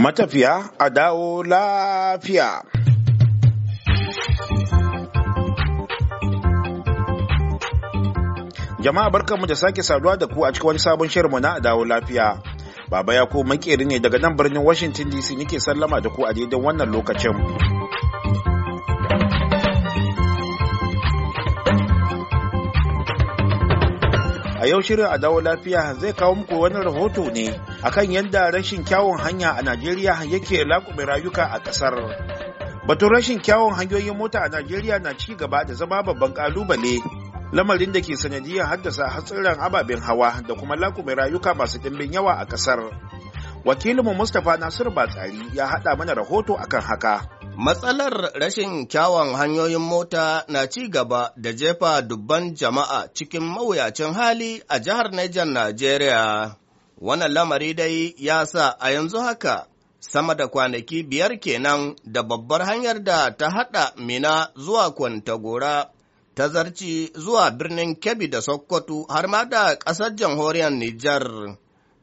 matafiya a dawo lafiya. Jama'a barkanmu da sake saduwa da ku a cikin wani sabon shirinmu na dawo lafiya. Baba ya ko makeri ne daga nan birnin Washington DC nake sallama da ku a daidai wannan lokacin. A yau shirin a dawo lafiya zai kawo muku wani rahoto ne akan yadda rashin kyawun hanya a Najeriya yake lakume rayuka a ƙasar. Batun rashin kyawun hanyoyin mota a Najeriya na ci gaba da zama babban ƙalubale. Lamarin da ke sanadiyar haddasa hatsarin ababen hawa da kuma lakume rayuka masu dimbin yawa a ƙasar. Wakilinmu Mustapha nasiru Batsari ya haɗa mana rahoto akan haka. Matsalar rashin kyawun hanyoyin mota na ci gaba da jefa dubban jama'a cikin mawuyacin hali a jihar Niger Najeriya. Wannan lamari dai ya sa a yanzu haka sama da kwanaki biyar kenan da babbar hanyar da ta haɗa Mina zuwa Kwantagora ta zarci zuwa birnin Kebbi da Sokoto har ma da ƙasar jamhuriyar Nijar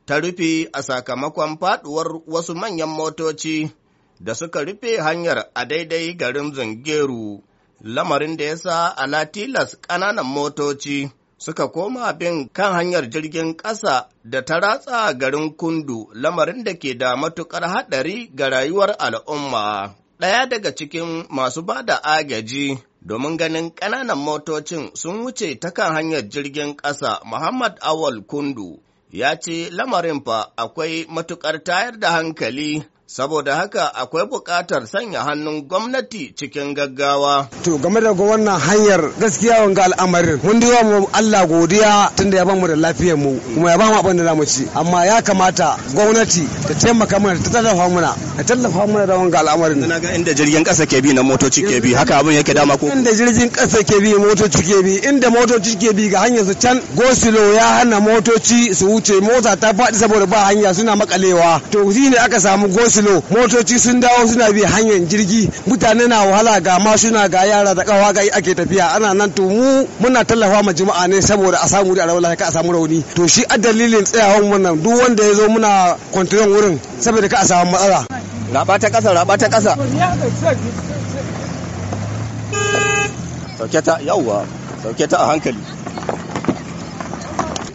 ta rufe a sakamakon faɗuwar wasu manyan motoci. da suka rufe hanyar a daidai garin Zangeru, lamarin da ya sa alatilas ƙananan motoci suka koma bin kan hanyar jirgin ƙasa da ta ratsa garin Kundu, lamarin da ke da matuƙar haɗari ga rayuwar al'umma. Ɗaya daga cikin masu ba da agaji domin ganin ƙananan motocin sun wuce ta kan hanyar jirgin ƙasa Muhammad Awal Kundu. ya ce lamarin fa akwai matuƙar tayar da hankali saboda haka akwai buƙatar sanya hannun gwamnati cikin gaggawa. To game da wannan hanyar gaskiya wanga al'amarin mun yi mu Allah godiya tunda ya bamu da lafiyar mu kuma ya bamu abin da zamu ci amma ya kamata gwamnati ta taimaka mana ta tallafa mana ta tallafa mana da wanga al'amarin. Ina ga inda jirgin ƙasa ke bi na motoci ke bi haka abin yake dama ko. Inda jirgin ƙasa ke bi motoci ke bi inda motoci ke bi ga hanyar su can gosilo ya hana motoci su wuce mota ta faɗi saboda ba hanya suna makalewa to shine aka samu gosilo silo motoci sun dawo suna bi hanyar jirgi mutane na wahala ga na ga yara da kawa ga ake tafiya ana nan to mu muna tallafa ma jama'a ne saboda a samu da rawala ka a samu rauni to shi a dalilin tsayawan wannan duk wanda ya zo muna kwantiyon wurin saboda ka a samu matsala raba ta kasa raba ta kasa sauke ta yawwa sauke ta a hankali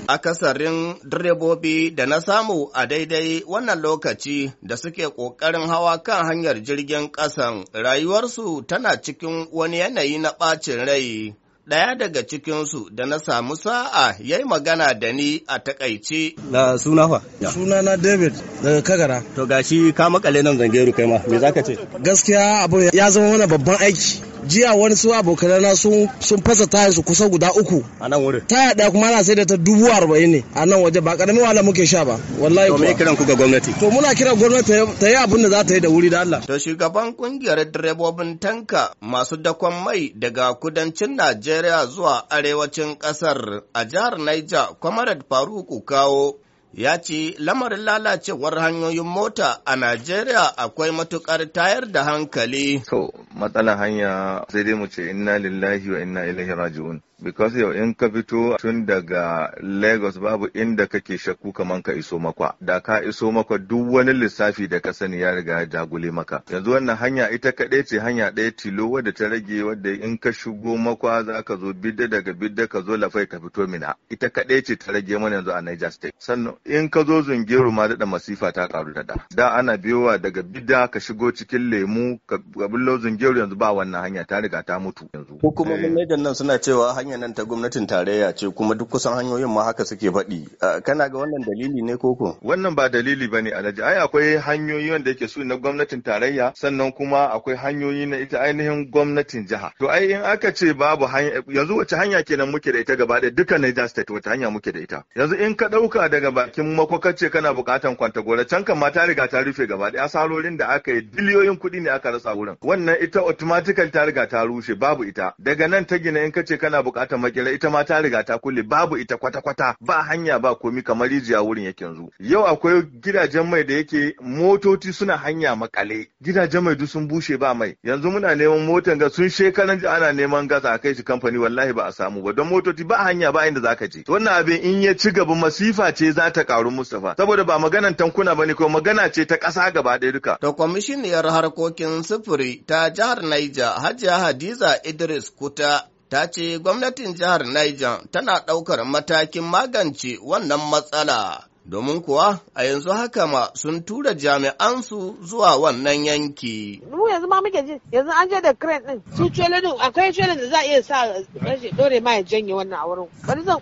Akasarin direbobi da na samu a daidai wannan lokaci da suke ƙoƙarin hawa kan hanyar jirgin ƙasan rayuwarsu tana cikin wani yanayi na ɓacin rai. Ɗaya daga cikinsu da na samu sa'a ya yi magana da ni a takaice. Na suna fa? Suna na David daga Kagara. To gashi ka makale nan zangeru kai ma, me za ka ce? Gaskiya abu ya zama wani babban aiki. jiya wani su abokan na sun fasa taya su kusa guda uku a nan wurin taya daya kuma ana sai da ta dubu arba'in ne a nan waje ba karamin wahala muke sha ba wallahi to me kiran ku ga gwamnati to muna kiran gwamnati ta yi abin da za ta yi da wuri da Allah to shugaban kungiyar direbobin tanka masu dakon mai daga kudancin Najeriya zuwa arewacin kasar a jihar Niger Comrade Faruku Kawo ya ce lamarin lalacewar hanyoyin mota a Najeriya akwai matukar tayar da hankali. So, matsalar hanya sai dai mu ce inna lillahi wa inna ilaihi raji'un. Because yau in ka fito tun daga Lagos babu inda kake shakku kaman ka iso makwa. Da ka iso makwa duk wani lissafi da ka sani ya riga ya jagule maka. Yanzu wannan hanya ita kaɗai ce hanya ɗaya tilo wadda ta rage wadda in ka shigo makwa za ka zo bidda daga bidda ka zo lafai ka fito mina. Ita kaɗai ce ta rage mana yanzu a Niger State. Sannan in ka zo zungero ma daɗa masifa ta ƙaru da Da Da ana biyowa daga bida ka shigo cikin lemu ka bullo zungero yanzu ba wannan hanya ta riga ta mutu yanzu. mun eh. Ledan nan suna cewa hanyar nan ta gwamnatin tarayya ce kuma duk kusan hanyoyin ma haka suke faɗi. Kana ga wannan dalili ne koko? Wannan ba dalili ba ne Alhaji. Ai akwai hanyoyi wanda yake su na gwamnatin tarayya sannan kuma akwai hanyoyi na ita ainihin gwamnatin jiha. To ai in aka ce babu hanya yanzu wace hanya kenan muke da ita gaba ɗaya dukkan Niger State wace hanya muke da ita. Yanzu in ka ɗauka daga bakin makwakar ce kana bukatan kwanta gora can kan ma ta riga ta rufe gaba daya sarorin da aka yi biliyoyin kuɗi ne aka rasa wurin wannan ita automatical ta riga ta rushe babu ita daga nan ta gina in ka ce kana bukatan makera ita ma ta riga ta kulle babu ita kwata kwata ba hanya ba komi kamar rijiya wurin yake yanzu yau akwai gidajen mai da yake motoci suna hanya makale gidajen mai duk sun bushe ba mai yanzu muna neman motan ga sun shekaran da ana neman gas a kai shi kamfani wallahi ba a samu ba don motoci ba hanya ba inda ka je wannan abin in ya ci gaba masifa ce za ta ta karu Mustapha saboda ba maganan tankuna bane ko magana ce ta ƙasa gaba ɗaya duka. Da kwamishiniyar harkokin sufuri ta jihar Niger Hajiya Hadiza Idris Kuta ta ce gwamnatin jihar Niger tana ɗaukar matakin magance wannan matsala domin kuwa a yanzu haka ma sun tura jami'ansu zuwa wannan yanki. Mu yanzu ma muke ji yanzu an je da crane din su din akwai cele da za a iya sa rashi dore ma ya janye wannan a wurin bari zan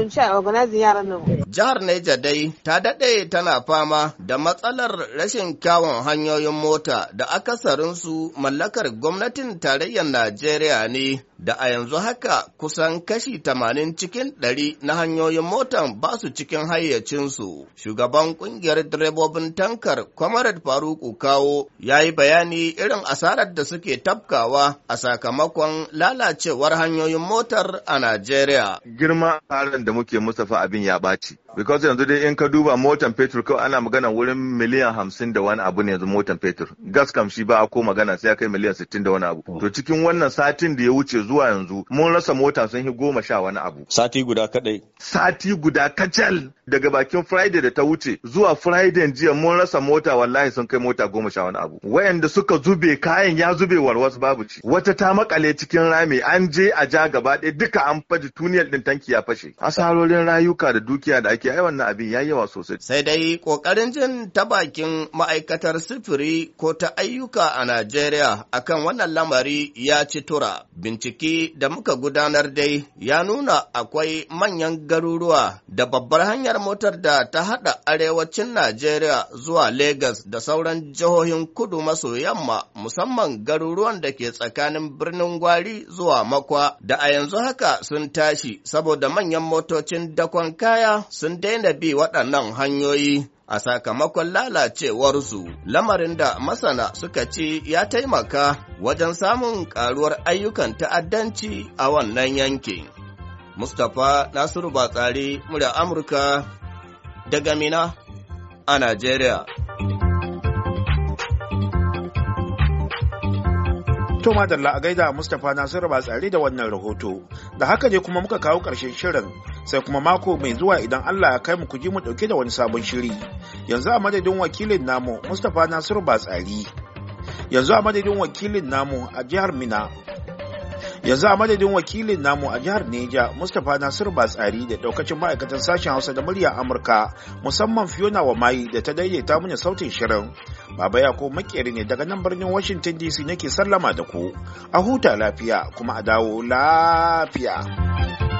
in sha organizing yaran nan. Jihar Neja dai ta daɗe tana fama da matsalar rashin kyawun hanyoyin mota da akasarinsu mallakar gwamnatin tarayyar Najeriya ne da a yanzu haka kusan kashi tamanin cikin ɗari na hanyoyin motan ba su cikin hayyacinsu. Shugaban ƙungiyar direbobin tankar Comrade Faruku Kawo ya yi bayani irin asarar da suke tabkawa a sakamakon lalacewar hanyoyin motar a Najeriya. Girma da muke Mustapha abin ya ɓaci. because yanzu dai in ka duba motan fetur kawai ana magana wurin miliyan hamsin da wani abu ne yanzu motan fetur gas kam shi ba a ko magana sai ya kai miliyan sittin da wani abu oh. to cikin wannan satin da ya wuce zuwa yanzu mun rasa mota sun yi goma sha wani abu sati guda kadai sati guda kacal daga bakin Friday da ta wuce zuwa Friday jiya mun rasa mota wallahi sun kai mota goma sha wani abu. Wayanda suka zube kayan ya zube warwas babu ci. Wata ta makale cikin rami an je a ja gaba ɗaya duka an faji tuniyar ɗin tanki ya fashe. Asarorin rayuka da dukiya da ake ai na abin ya yi yawa sosai. Sai dai ƙoƙarin jin ta bakin ma'aikatar sifiri ko ta ayyuka a Najeriya akan wannan lamari ya ci tura. Bincike da muka gudanar dai ya nuna akwai manyan garuruwa da babbar hanyar tafiyar motar da ta haɗa arewacin Najeriya zuwa Legas da sauran jihohin kudu maso yamma musamman garuruwan da ke tsakanin birnin Gwari zuwa Makwa da a yanzu haka sun tashi saboda manyan motocin dakon kaya sun daina bi waɗannan hanyoyi. a sakamakon lalacewarsu lamarin da masana suka ci ya taimaka wajen samun ƙaruwar ayyukan ta'addanci a wannan yankin. Mustapha Nasiru Batsari murya Amurka daga Mina a Najeriya. To madalla a gaida Mustapha Nasiru Batsari da wannan rahoto. Da haka ne kuma muka kawo ƙarshen shirin sai kuma mako mai zuwa idan Allah ya kai mu ku ji mu ɗauke da wani sabon shiri. Yanzu a madadin wakilin namu Mustapha Nasiru Batsari. Yanzu a madadin wakilin namu a jihar Mina yanzu a madadin wakilin namu a jihar neja mustapha nasiru batsari da daukacin ma'aikatan sashen hausa da murya amurka musamman fiona wa mayi da ta daidaita mana sautin shirin baba Ya ko makeri ne daga nan birnin washington dc nake sallama da ku a huta lafiya kuma a dawo lafiya